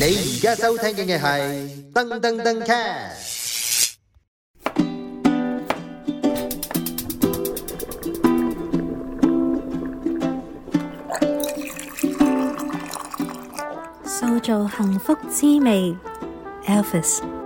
你而家收聽嘅係噔噔噔 cast，塑造幸福滋味，Elvis。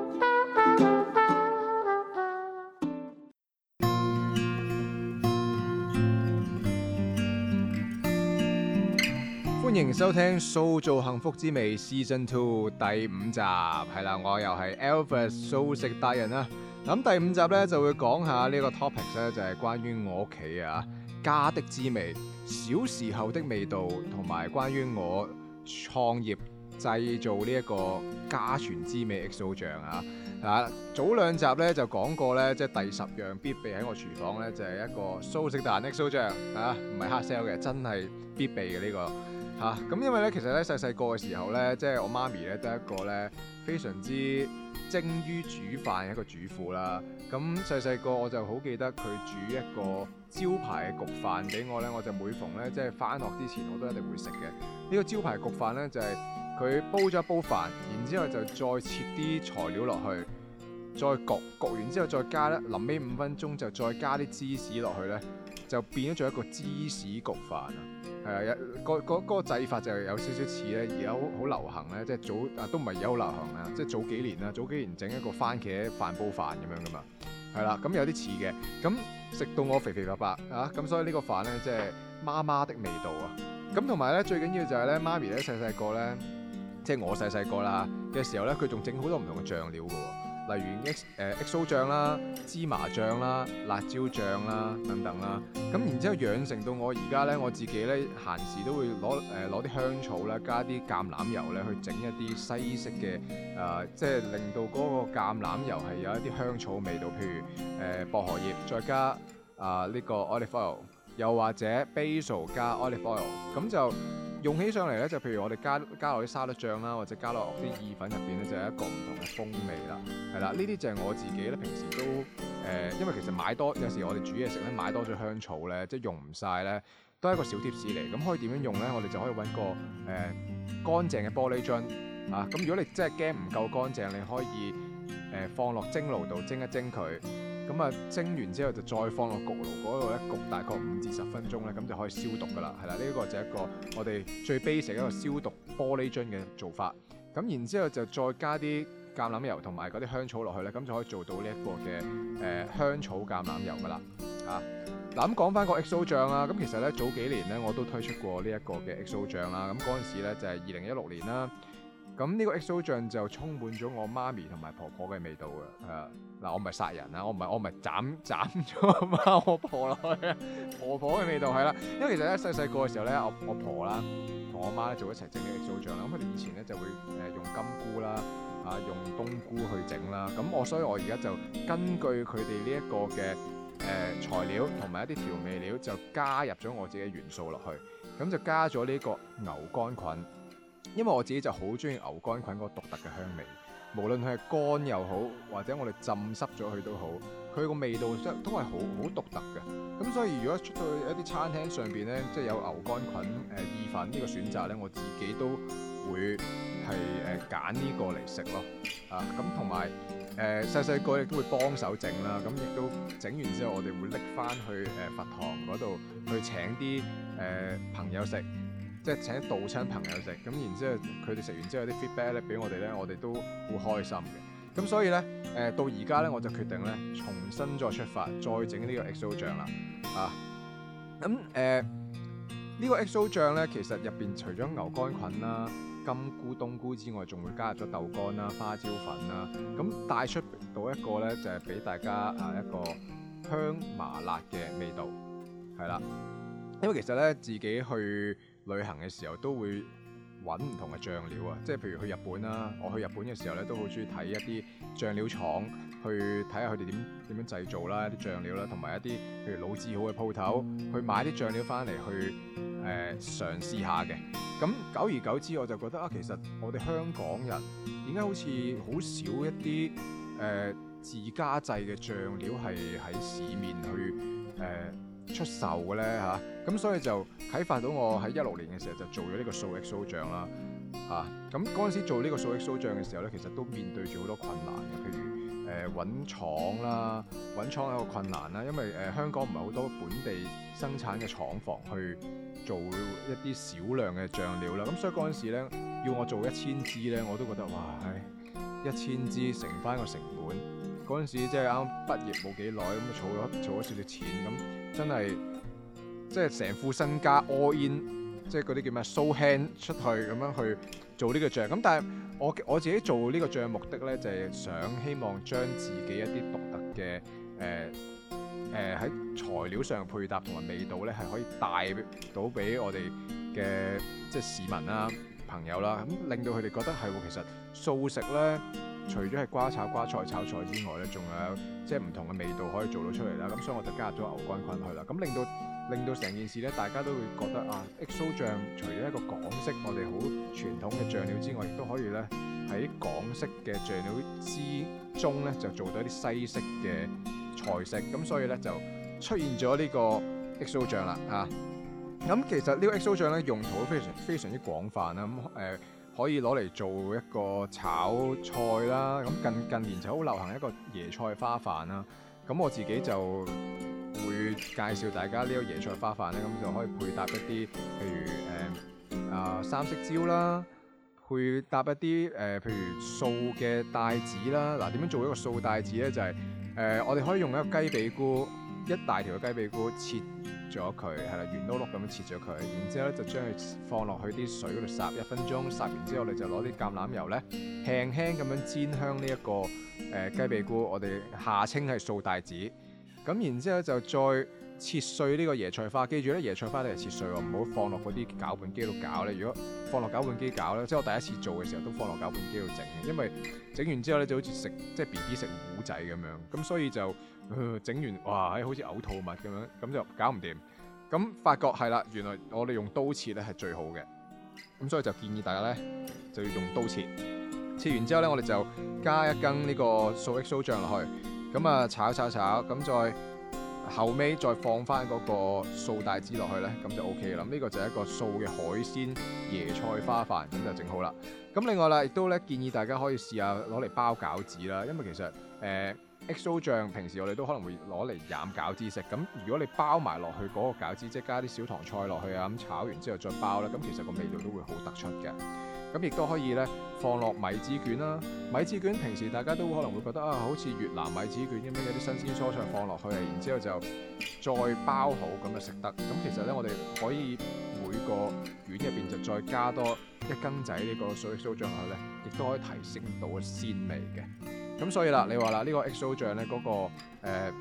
收聽塑造幸福之味 Season Two 第五集係啦，我又係 Elvis 素食達人啦。咁第五集咧就會講下呢個 topics 咧就係關於我屋企啊家的滋味、小時候的味道，同埋關於我創業製造呢一個家傳滋味 XO 醬啊。啊，早兩集咧就講過咧，即係第十樣必備喺我廚房咧就係、是、一個素食蛋 XO 醬啊，唔係黑 sell 嘅，真係必備嘅呢個嚇。咁、啊啊、因為咧，其實咧細細個嘅時候咧，即係我媽咪咧都係一個咧非常之精於煮飯嘅一個主婦啦。咁細細個我就好記得佢煮一個招牌嘅焗飯俾我咧，我就每逢咧即係返學之前我都一定會食嘅。呢、這個招牌焗飯咧就係、是、～佢煲咗一煲飯，然之後就再切啲材料落去，再焗焗完之後再加咧，臨尾五分鐘就再加啲芝士落去咧，就變咗做一個芝士焗飯，那個那個、啊！係啊，個個嗰個製法就有少少似咧，而家好好流行咧，即係早啊都唔係而家好流行啊，即係早幾年啦，早幾年整一個蕃茄飯煲飯咁樣㗎嘛，係啦，咁有啲似嘅，咁食到我肥肥白白啊，咁所以個飯呢個飯咧即係媽媽的味道啊，咁同埋咧最緊要就係咧媽咪咧細細個咧。小小即係我細細個啦嘅時候咧，佢仲整好多唔同嘅醬料嘅，例如 X 誒 XO 醬啦、芝麻醬啦、辣椒醬啦等等啦。咁然之後養成到我而家咧，我自己咧閒時都會攞誒攞啲香草啦，加啲橄欖油咧去整一啲西式嘅誒、呃，即係令到嗰個橄欖油係有一啲香草味道，譬如誒、呃、薄荷葉再加啊呢、呃這個 olive oil，又或者 basil 加 olive oil，咁就。用起上嚟咧，就譬如我哋加加落啲沙律醬啦，或者加落啲意粉入邊咧，就係一個唔同嘅風味啦。係啦，呢啲就係我自己咧，平時都誒，因為其實買多有時我哋煮嘢食咧買多咗香草咧，即係用唔晒咧，都係一個小貼士嚟。咁可以點樣用咧？我哋就可以揾個誒乾淨嘅玻璃樽啊。咁如果你真係驚唔夠乾淨，你可以誒放落蒸爐度蒸一蒸佢。咁啊蒸完之後就再放落焗爐嗰度一焗，大概五至十分鐘咧，咁就可以消毒噶啦，係啦。呢、這、一個就一個我哋最 basic 一個消毒玻璃樽嘅做法。咁然之後就再加啲橄欖油同埋嗰啲香草落去咧，咁就可以做到呢一個嘅誒、呃、香草橄欖油噶啦。嚇、啊！嗱，咁講翻個 XO 醬啦，咁其實咧早幾年咧我都推出過呢一個嘅 XO 醬啦，咁嗰陣時咧就係二零一六年啦。咁呢個 XO 醬就充滿咗我媽咪同埋婆婆嘅味道嘅，係啦。嗱，我唔係殺人啊，我唔係我咪斬斬咗我媽我婆落去，婆婆嘅味道係啦。因為其實咧細細個嘅時候咧，我我婆啦同我媽咧做一齊整嘅個 XO 醬啦。咁佢哋以前咧就會誒用金菇啦，啊用冬菇去整啦。咁我所以我而家就根據佢哋呢一個嘅誒、呃、材料同埋一啲調味料，就加入咗我自己元素落去，咁就加咗呢個牛肝菌。因為我自己就好中意牛肝菌嗰個獨特嘅香味，無論佢係乾又好，或者我哋浸濕咗佢都好，佢個味道都係好好獨特嘅。咁所以如果出到去一啲餐廳上邊咧，即係有牛肝菌誒意粉呢個選擇咧，我自己都會係誒揀呢個嚟食咯。啊，咁同埋誒細細個亦都會幫手整啦。咁亦都整完之後，我哋會拎翻去誒佛堂嗰度去請啲誒朋友食。即係請道親朋友食咁，然之後佢哋食完之後有啲 feedback 咧，俾我哋咧，我哋都好開心嘅。咁所以咧，誒、呃、到而家咧，我就決定咧重新再出發，再整呢個 XO 醬啦啊。咁誒呢個 XO 醬咧，其實入邊除咗牛肝菌啦、金菇、冬菇之外，仲會加入咗豆乾啦、花椒粉啦。咁帶出到一個咧，就係、是、俾大家啊一個香麻辣嘅味道係啦。因為其實咧自己去。旅行嘅時候都會揾唔同嘅醬料啊，即係譬如去日本啦，我去日本嘅時候咧都好中意睇一啲醬料廠，去睇下佢哋點點樣製造啦，啲醬料啦，同埋一啲譬如老字號嘅鋪頭去買啲醬料返嚟去誒、呃、嘗試下嘅。咁久而久之我就覺得啊，其實我哋香港人點解好似好少一啲誒、呃、自家製嘅醬料係喺市面去誒？呃出售嘅咧嚇，咁、啊、所以就啟發到我喺一六年嘅時候就做咗呢個素 XO 醬啦嚇。咁嗰陣時做呢個素 XO 醬嘅時候咧，其實都面對住好多困難嘅，譬如誒揾廠啦，揾廠有個困難啦，因為誒、呃、香港唔係好多本地生產嘅廠房去做一啲少量嘅醬料啦。咁、啊、所以嗰陣時咧要我做一千支咧，我都覺得哇，一、哎、千支乘翻個成本嗰陣時即係啱畢業冇幾耐咁，儲咗儲咗少少錢咁。真係即係成副身家 all in，即係嗰啲叫咩 show hand 出去咁樣去做呢個醬。咁、嗯、但係我我自己做呢個醬的目的咧，就係、是、想希望將自己一啲獨特嘅誒誒喺材料上配搭同埋味道咧，係可以帶到俾我哋嘅即係市民啦、啊、朋友啦、啊，咁、嗯、令到佢哋覺得係其實素食咧。除咗係瓜炒瓜菜炒菜之外咧，仲有即係唔同嘅味道可以做到出嚟啦。咁所以我就加入咗牛肝菌去啦。咁令到令到成件事咧，大家都會覺得啊，XO 醬除咗一個港式我哋好傳統嘅醬料之外，亦都可以咧喺港式嘅醬料之中咧，就做到一啲西式嘅菜式。咁所以咧就出現咗呢個 XO 醬啦。啊，咁其實呢個 XO 醬咧用途都非常非常之廣泛啦。咁、嗯、誒。呃可以攞嚟做一個炒菜啦，咁近近年就好流行一個椰菜花飯啦，咁我自己就會介紹大家呢個椰菜花飯咧，咁就可以配搭一啲，譬如誒啊、呃、三色椒啦，配搭一啲誒、呃，譬如素嘅帶子啦，嗱點樣做一個素帶子咧？就係、是、誒、呃，我哋可以用一個雞髀菇，一大條嘅雞髀菇切咗佢，係啦，圓碌碌咁樣切咗佢，然之後咧就將佢放落去啲水嗰度霎一分鐘，霎完之後，我哋就攞啲橄欖油咧輕輕咁樣煎香呢、這、一個誒雞髀菇，我哋下稱係素帶子，咁然之後就再。切碎呢個椰菜花，記住咧，椰菜花咧係切碎喎，唔好放落嗰啲攪拌機度攪咧。如果放落攪拌機攪咧，即係我第一次做嘅時候都放落攪拌機度整嘅，因為整完之後咧就好似食即係 B B 食糊仔咁樣，咁所以就整、呃、完哇，好似嘔吐物咁樣，咁就搞唔掂。咁發覺係啦，原來我哋用刀切咧係最好嘅，咁所以就建議大家咧就要用刀切。切完之後咧，我哋就加一羹呢個素 XO 醬落去，咁啊炒炒炒，咁再。後尾再放翻嗰個素帶子落去呢，咁就 O K 啦。咁、這、呢個就係一個素嘅海鮮椰菜花飯，咁就整好啦。咁另外啦，亦都咧建議大家可以試下攞嚟包餃子啦。因為其實、呃、X O 醬，平時我哋都可能會攞嚟蘸餃子食。咁如果你包埋落去嗰個餃子，即係加啲小糖菜落去啊，咁炒完之後再包啦，咁其實個味道都會好突出嘅。咁亦都可以咧，放落米紙卷啦、啊。米紙卷平時大家都可能會覺得啊，好似越南米紙卷咁樣，有啲新鮮蔬菜放落去啊，然之後就再包好咁啊食得。咁其實咧，我哋可以每個卷入邊就再加多一羹仔個呢個素 XO 醬落咧，亦都可以提升到鮮味嘅。咁所以啦，你話啦，呢、這個 XO 醬咧嗰、那個、呃、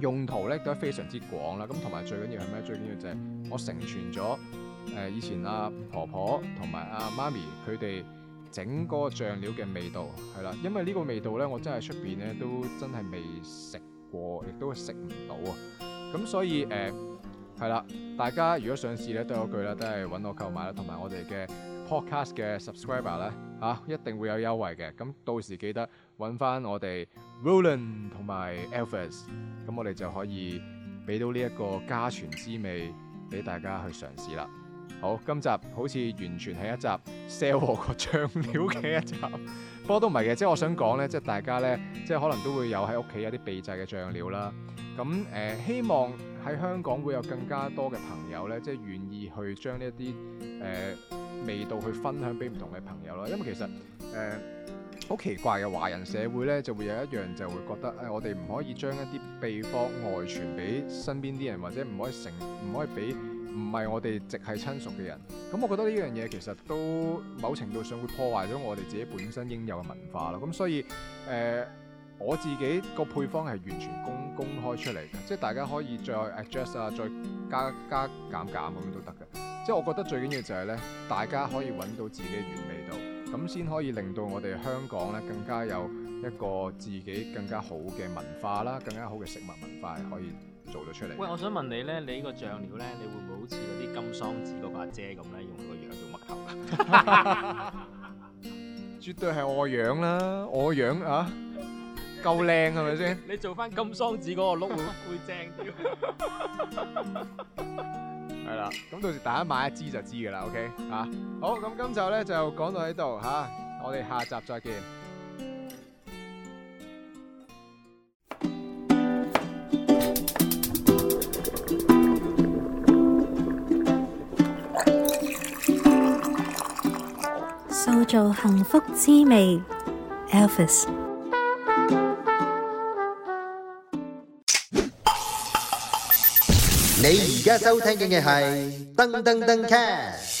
用途咧都係非常之廣啦。咁同埋最緊要係咩？最緊要就係我成全咗。誒以前阿婆婆同埋阿媽咪佢哋整嗰個醬料嘅味道係啦，因為呢個味道咧，我真係出邊咧都真係未食過，亦都食唔到啊。咁所以誒係啦，大家如果想試咧，都有一句啦，都係揾我購買啦，同埋我哋嘅 podcast 嘅 subscriber 咧嚇、啊，一定會有優惠嘅。咁到時記得揾翻我哋 Roland 同埋 Elvis，咁我哋就可以俾到呢一個家傳滋味俾大家去嘗試啦。好，今集好似完全係一集 sell 我個醬料嘅一集，不過都唔係嘅，即係我想講咧，即係大家咧，即係可能都會有喺屋企有啲秘製嘅醬料啦。咁誒、呃，希望喺香港會有更加多嘅朋友咧，即係願意去將呢一啲誒味道去分享俾唔同嘅朋友啦。因為其實誒好、呃、奇怪嘅華人社會咧，就會有一樣就會覺得誒、哎，我哋唔可以將一啲秘方外傳俾身邊啲人，或者唔可以成唔可以俾。唔係我哋直係親屬嘅人，咁我覺得呢樣嘢其實都某程度上會破壞咗我哋自己本身應有嘅文化啦。咁所以誒、呃，我自己個配方係完全公公開出嚟嘅，即係大家可以再 adjust 啊，再加加，加減減咁樣都得嘅。即係我覺得最緊要就係呢，大家可以揾到自己嘅原味道，咁先可以令到我哋香港呢更加有一個自己更加好嘅文化啦，更加好嘅食物文化可以做咗出嚟。喂，我想問你咧，你呢個醬料咧，你會唔會好似嗰啲金桑子嗰把遮咁咧，用個樣做麥頭？絕對係我個樣啦，我個樣啊，夠靚係咪先？你做翻金桑子嗰個碌會會正啲？係啦，咁到時大家買一支就知㗎啦，OK？嚇，好，咁今集咧就講到呢度嚇，我哋下集再見。做幸福滋味，Elvis。你而家收聽嘅係燈登登 Cast。